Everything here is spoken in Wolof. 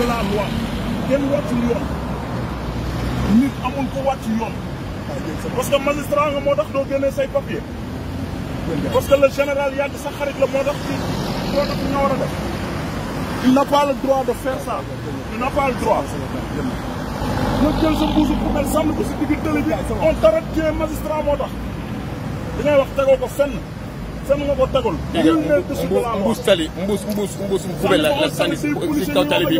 de la loi kenn wàccul yoon nit amul ko wàcc yoon parce que magistrat nga moo tax doo génnee say papier parce que le général Yade sa xarit la moo tax ci moo tax ñoo war a def il n'a pas le droit de faire ça il n'a pas le droit nga jël sa mbuusu poubelle sànni ko si digg tëli bi on t'arrête tu es magistrat moo tax di ngay wax tegoo ko fenn sànni nga ko tegul. mbuus mbuus tali mbuus mbuus mbuus poubelle la la sànni si kaw tali bi.